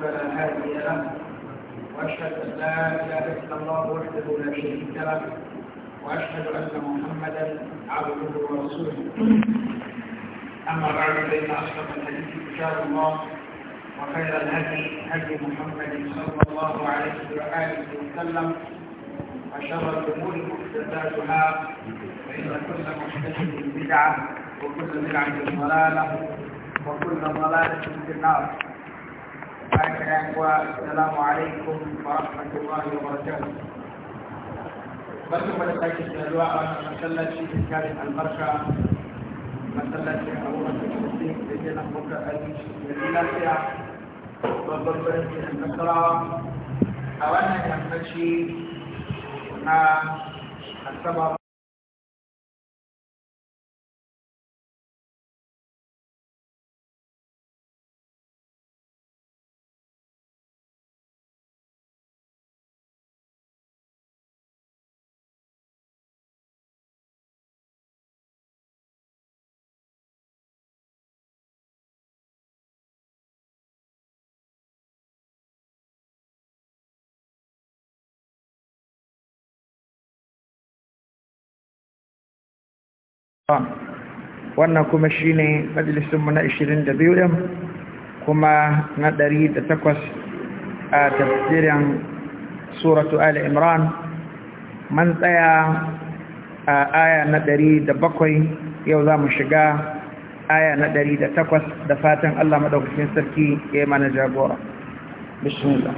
فلا هادي له واشهد ان لا اله الا الله وحده لا شريك له واشهد ان محمدا عبده ورسوله اما بعد فان اصدق الحديث كتاب الله وخير الهدي هدي محمد صلى الله عليه واله وسلم وشر الامور محدثاتها فان كل محدث بدعه وكل بدعه ضلاله وكل ضلاله في النار السلام عليكم ورحمة الله وبركاته barkan da sake saduwa a wannan masallaci da kare albarka masallacin abubuwan da ke da ke nan muka aiki da lafiya babban birnin ke nasarawa a wannan yammaci na asaba wannan kuma shine majalisunmu na 22 din kuma na 108 a tafsirin suratu ali imran man tsaya a aya na 107 yau za mu shiga aya na 108 da fatan Allah madaukakin sarki ya mana jagora bismillah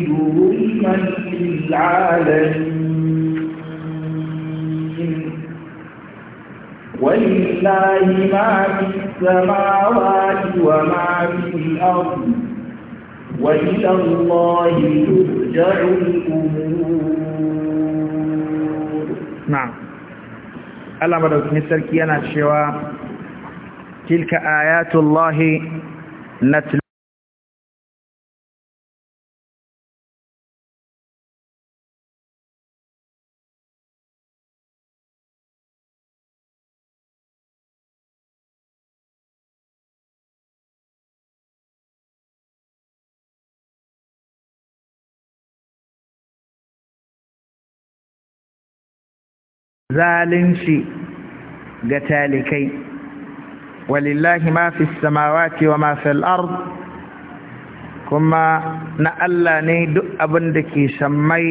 ظلما للعالمين ولله ما في السماوات وما في الأرض وإلى الله ترجع الأمور نعم Allah madaukakin sarki yana cewa tilka ayatullahi natlu zalunci ga talikai walillahi ma fi samawati wa ma fil ard kuma na Allah ne duk abin da ke sammai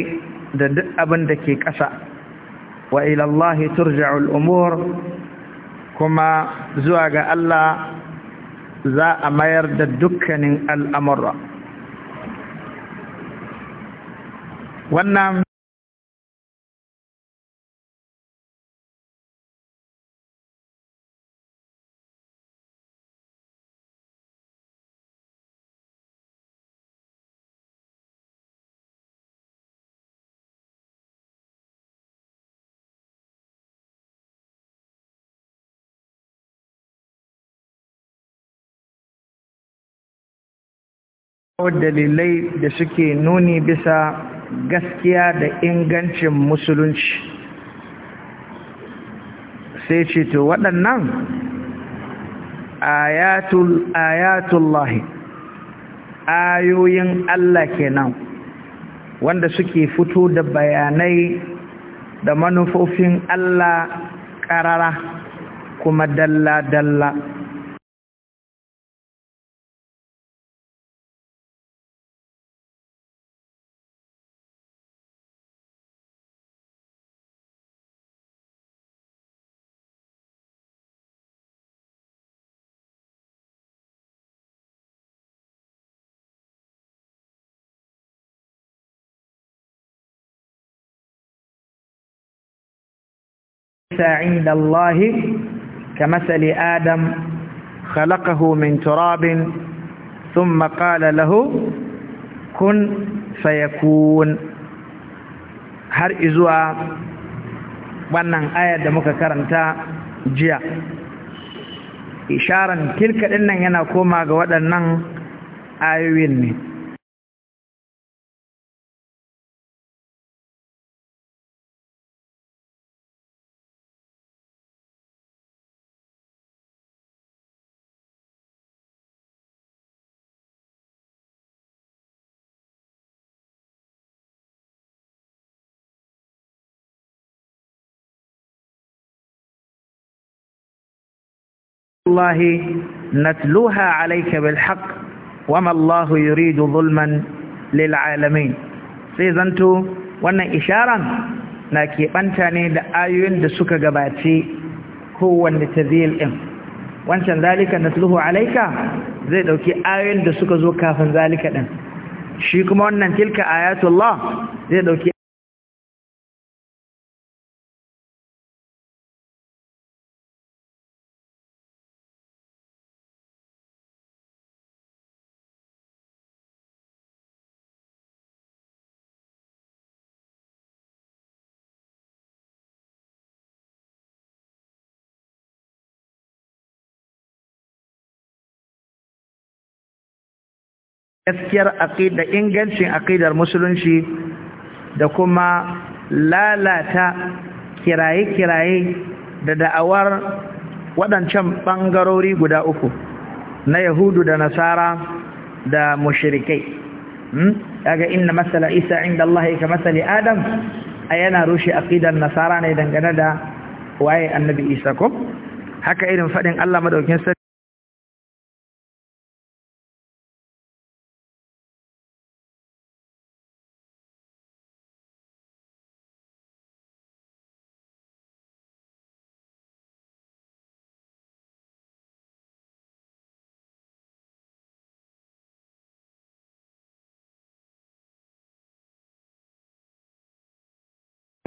da duk abin da ke ƙasa wa ila Allah turja'ul umur kuma zuwa ga Allah za a mayar da dukkanin al'amura wannan dalilai da suke nuni bisa gaskiya da ingancin musulunci sai ce to waɗannan ayatullahi ayoyin Allah kenan wanda suke fito da bayanai da manufofin Allah ƙarara kuma dalla-dalla inda Allah kamathali Adam khalaqahu min turabin sun qala lahu kun fayakun har izuwa wannan ayar da muka karanta jiya isharan kirka ɗinnan yana koma ga waɗannan ayoyin ne الله نتلوها عليك بالحق وما الله يريد ظلما للعالمين zanto wannan isharan na keɓanta ne da ayoyin da suka gabace kowanne tazil ɗin wancan zalika natluhu alaika zai ɗauki ayoyin da suka zo kafin zalika ɗin shi kuma wannan tilka ayatullah zai ɗauki gaskiyar aqida ingancin aqidar musulunci da kuma lalata kiraye-kiraye da da'awar waɗancan ɓangarori guda uku na yahudu da nasara da mushrikai daga hmm? inna masala isa inda Allah ya masali adam yana rushe aqidar nasara ne dangane da waye annabi isa ko haka irin faɗin Allah madaukin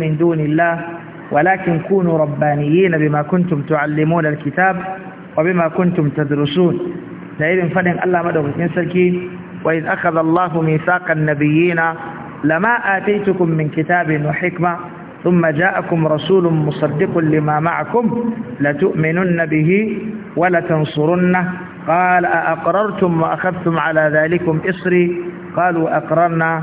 من دون الله ولكن كونوا ربانيين بما كنتم تعلمون الكتاب وبما كنتم تدرسون دائرين فدن الله مدوكين سركي وإذ أخذ الله ميثاق النبيين لما آتيتكم من كتاب وحكمة ثم جاءكم رسول مصدق لما معكم لتؤمنن به ولتنصرنه قال أأقررتم وأخذتم على ذلكم إصري قالوا أقررنا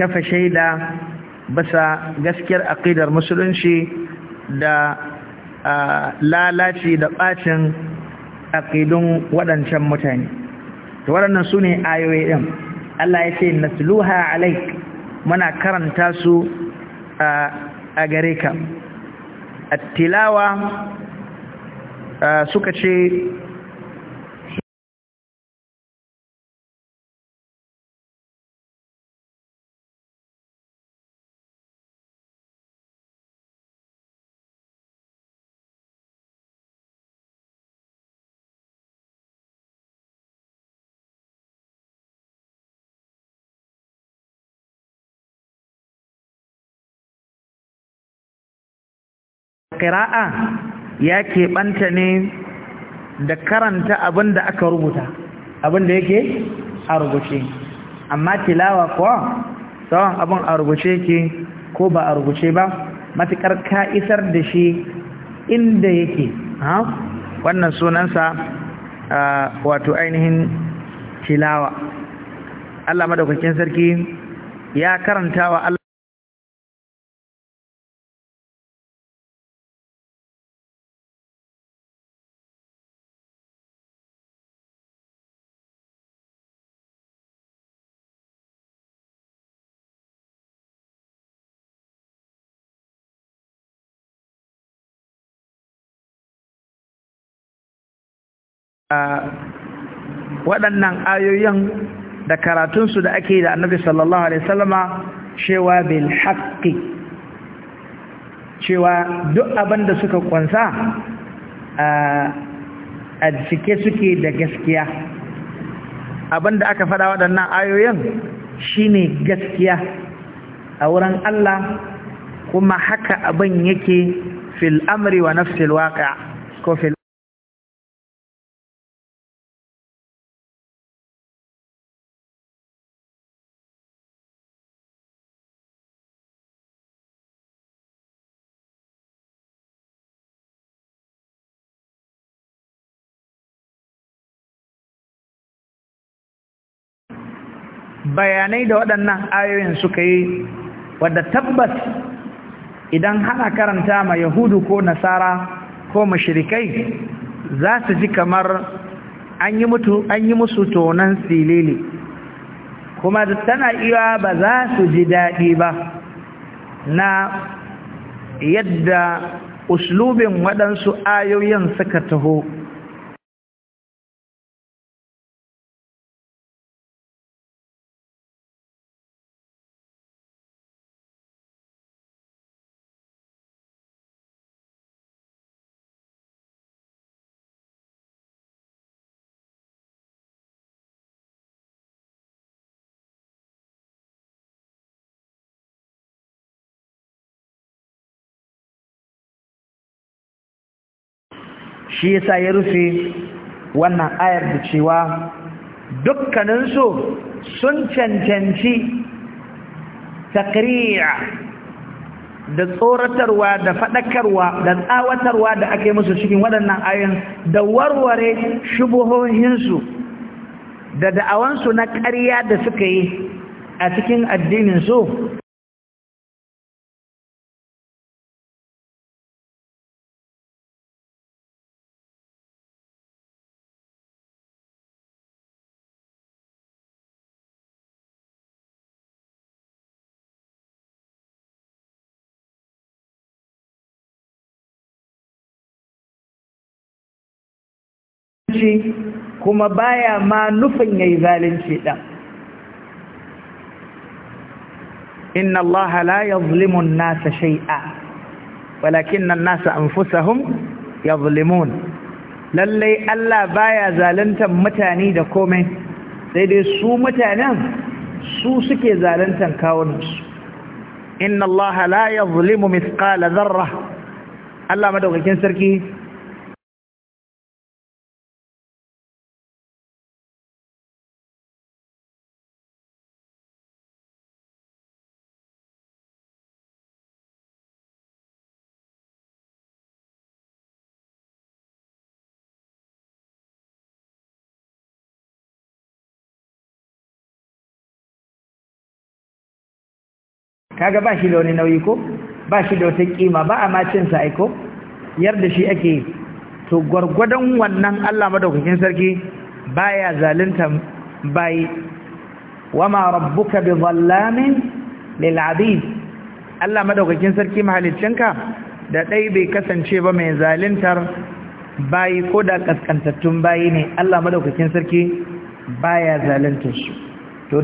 kafa shaida basa gaskiyar aqidar musulunci da lalaci da bacin aqidun waɗancan mutane to waɗannan sune ne ayoyi din Allah ya ce nasluha alaik muna karanta su a gare ka tilawa suka ce Kira'a ya keɓanta ne da karanta abin da aka rubuta abin da yake a rubuce amma tilawa kuwa tsawon abin a rubuce yake ko ba a rubuce ba matuƙar ka isar da shi inda yake wannan sunansa wato ainihin tilawa Allah madaukakin sarki ya karanta wa Allah waɗannan ayoyin da karatunsu da ake da annabi sallallahu alaihi wasallama cewa bil haƙƙi cewa duk abin da suka kwansa a cike suke da gaskiya abin da aka faɗa waɗannan ayoyin shine gaskiya a wurin Allah kuma haka abin yake fil amri wa nafsil waƙa ko fil bayanai da waɗannan ayoyin suka yi wadda tabbas idan hana karanta ma yahudu ko nasara ko mashirikai za su ji kamar an yi musu tonan silili kuma tana iya ba za su ji daɗi ba na yadda uslubin waɗansu ayoyin suka taho shi yasa ya rufe wannan ayar da cewa dukkaninsu sun cancanci takriya da tsoratarwa da faɗakarwa da tsawatarwa da aka musu cikin waɗannan ayoyin da warware shubuhohinsu da da'awansu na ƙarya da suka yi a cikin addininsu zalunci kuma baya ma nufin ya yi zalunci din inna allaha la yadhlimu an-nasa shay'a walakinna an-nasa anfusahum yadhlimun Lallai Allah baya zaluntar mutane da komai sai dai su mutanen su suke zaluntar kawunansu inna allaha la yadhlimu mithqala dharra Allah madaukakin sarki kaga ba shi da wani nauyi ko ba shi da wata kima ba a macin sa aiko yarda shi ake to gwargwadon wannan Allah madaukakin sarki baya zalunta bai wama rabbuka bizallamin lil abid Allah madaukakin sarki mahaliccinka da dai bai kasance ba mai zaluntar bayi ko da kaskantattun bayi ne Allah madaukakin sarki baya zaluntar shi. to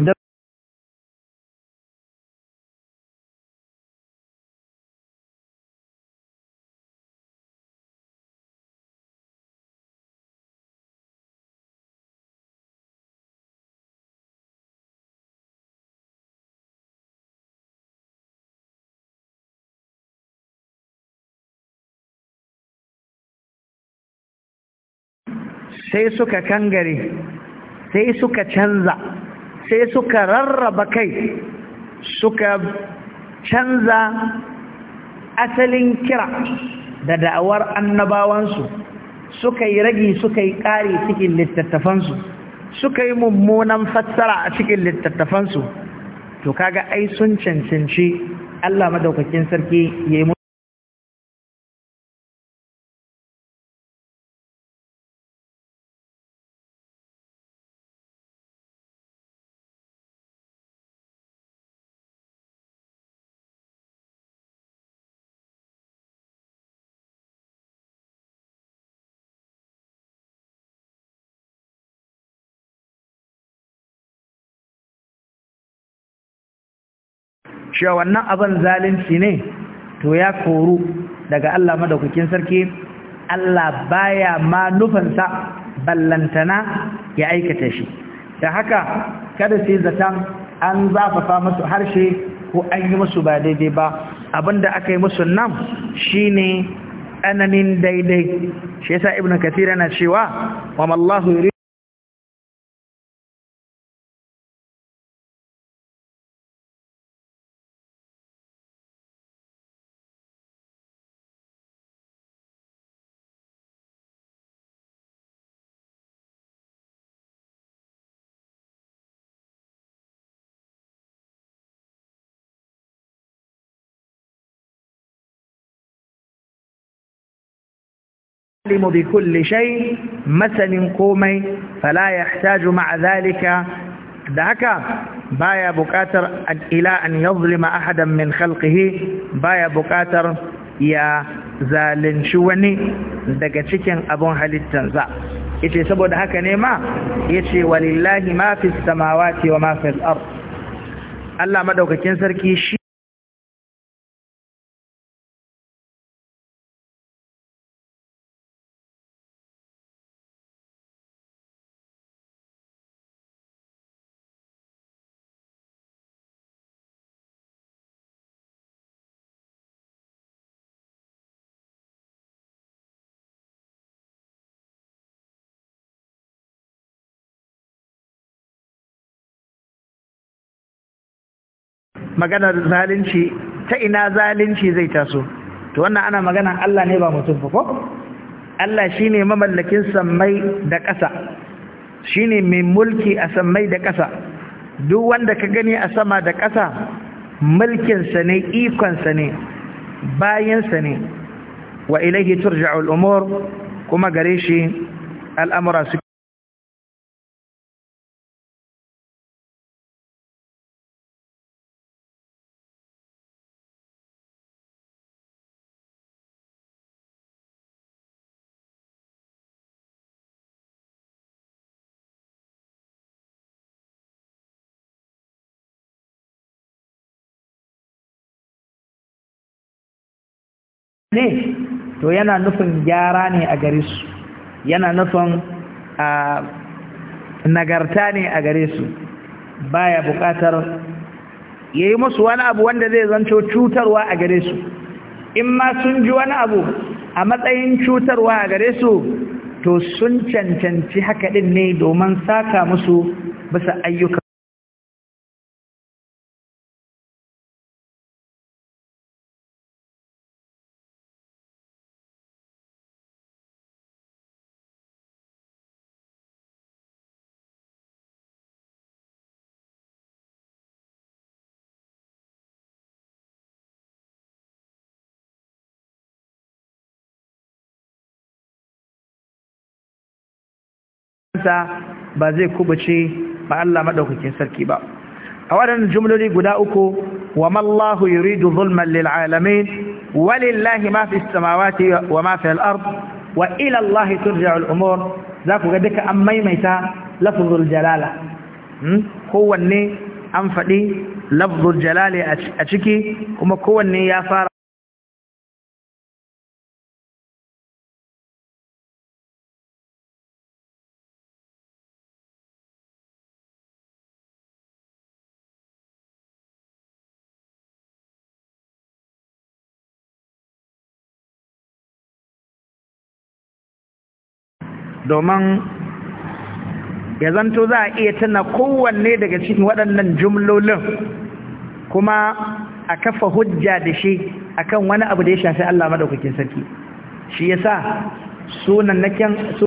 sai suka kangare sai suka canza sai suka rarraba kai suka canza asalin kira da da'awar annabawansu suka yi ragi suka yi ƙari cikin littattafansu suka yi mummunan fassara a cikin littattafansu to kaga ai sun cancanci Allah madaukakin sarki yi. cewa wannan abin zalunci ne to ya koru daga Allah madaukakin sarki Allah baya ma nufansa ballantana ya aikata shi da haka kada sai zatan an zafafa musu harshe ko an yi musu ba daidai ba abinda aka yi musu nan shine tsananin daidai shi yasa ibnu kathir yana cewa wa mallahu العالم بكل شيء مثل قومي فلا يحتاج مع ذلك دعك بايا بكاتر إلى أن يظلم أحدا من خلقه بايا بكاتر يا zalunci wani daga cikin abun halittansa yace saboda haka ne ma yace walillahi mafi fis samawati wa ma Allah madaukakin sarki shi maganar zalunci ta ina zalunci zai taso to wannan ana magana Allah ne ba mutum ba ko Allah shine mamallakin sammai da ƙasa shine mai mulki a sammai da ƙasa duk wanda ka gani a sama da ƙasa mulkinsa ne ikonsa ne bayansa ne wa ilaihi turja'ul umur kuma gare shi al'amura ne to yana nufin gyara ne a gare su yana nufin a nagarta ne a gare su baya bukatar yayi musu wani abu wanda zai zanto cutarwa a gare su in ma sun ji wani abu a matsayin cutarwa a gare su to sun cancanci haka din ne domin saka musu bisa ayyuka nasa ba zai kubuce ba Allah madaukakin sarki ba a waɗannan jumloli guda uku wa mallahu yuridu zulman lil alamin walillahi ma fi samawati wa ma fi al-ard wa ila Allah turja'u al-umur za ga duka an maimaita lafzul jalala hmm? kowanne an faɗi lafzul jalali a ciki kuma kowanne ya fara domin ya zanto za a iya tuna kowanne daga cikin waɗannan jumlolin kuma a kafa hujja da shi akan wani abu da ya shafi Allah madaukakin sarki shi yasa sunan nakin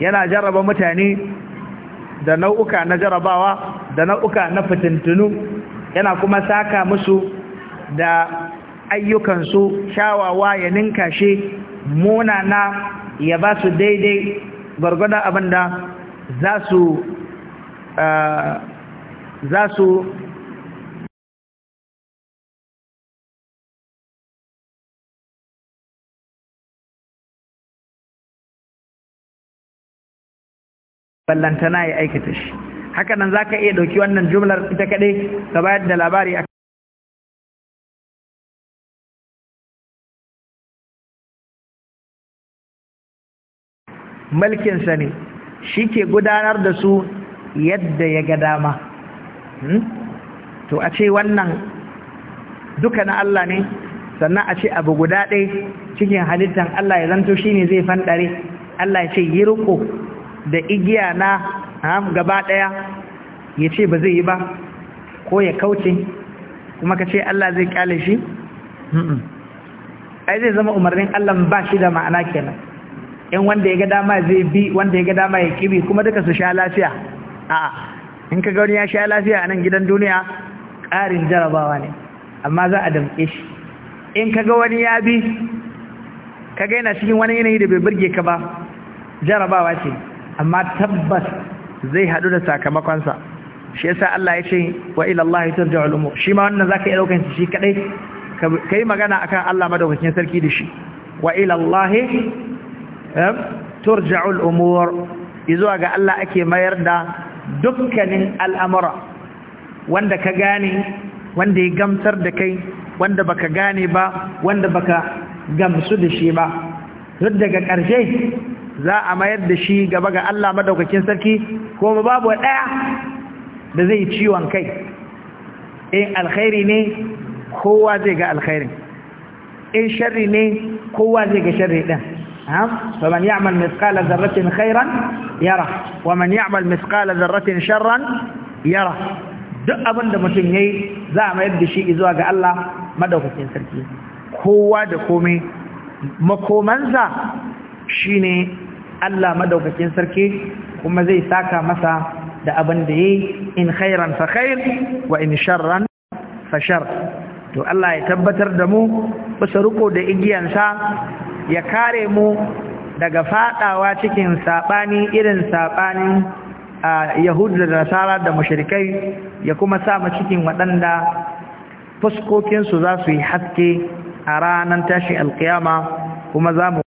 yana jaraba mutane da nau'uka na jarabawa da nau'uka na fitintunu yana kuma saka musu da ayyukansu shawawa ya ninka shi munana ya ba su daidai abinda abin da za su eh, ballantana ya aikata shi haka nan zaka iya dauki wannan jumlar ita kadai ka bayar da labari a mulkinsa ne shi ke gudanar da su yadda ya ga dama hmm? to a ce wannan duka na Allah ne sannan a ce abu guda ɗaya cikin halittan Allah ya zanto shi ne zai fanɗare Allah ya ce yi riko da igiya na gaba ɗaya ya ce ba zai yi ba ko ya kauce kuma ka ce Allah zai kyale shi ai zai zama umarnin Allah ba shi da ma'ana kenan in wanda ya ga dama zai bi wanda ya ga dama ya kibi kuma duka su sha lafiya a'a in ka gauni ya sha lafiya a nan gidan duniya ƙarin jarabawa ne amma za a damƙe shi in ka ga wani ya bi ka ga yana cikin wani yanayi da bai burge ka ba jarabawa ce amma tabbas zai haɗu da sakamakonsa shi yasa Allah ya ce wa ila Allah turja'ul umur shi ma wannan zaka iya daukan shi kadai kai magana akan Allah madaukakin sarki da shi wa ila Allah eh, turja'ul umur izuwa ga Allah ake mayar da dukkanin al'amura wanda ka gane wanda ya gamsar da kai wanda baka gane ba wanda baka gamsu da shi ba duk daga ƙarshe za a mayar da shi gaba ga Allah madaukakin sarki kuma babu ɗaya da zai ciwon kai in alkhairi ne kowa zai ga alkhairin in sharri ne kowa zai ga sharri ɗin ya'mal mithqala dharratin khairan yara wa man ya'mal mithqala dharratin sharran? Yara. duk abin da mutum yayi za a mayar da shi zuwa ga Allah madaukakin sarki kowa da komai makomansa shine Allah madaukakin sarki kuma zai saka masa da abin da yayi in khairan fa khair wa in sharran fa shar to Allah ya tabbatar da mu bisa riko da igiyansa ya kare mu daga fadawa cikin sabani irin sabanin yahud da nasara da mushrikai ya kuma sa mu cikin waɗanda fuskokinsu za su yi haske a ranar tashin alkiyama kuma za mu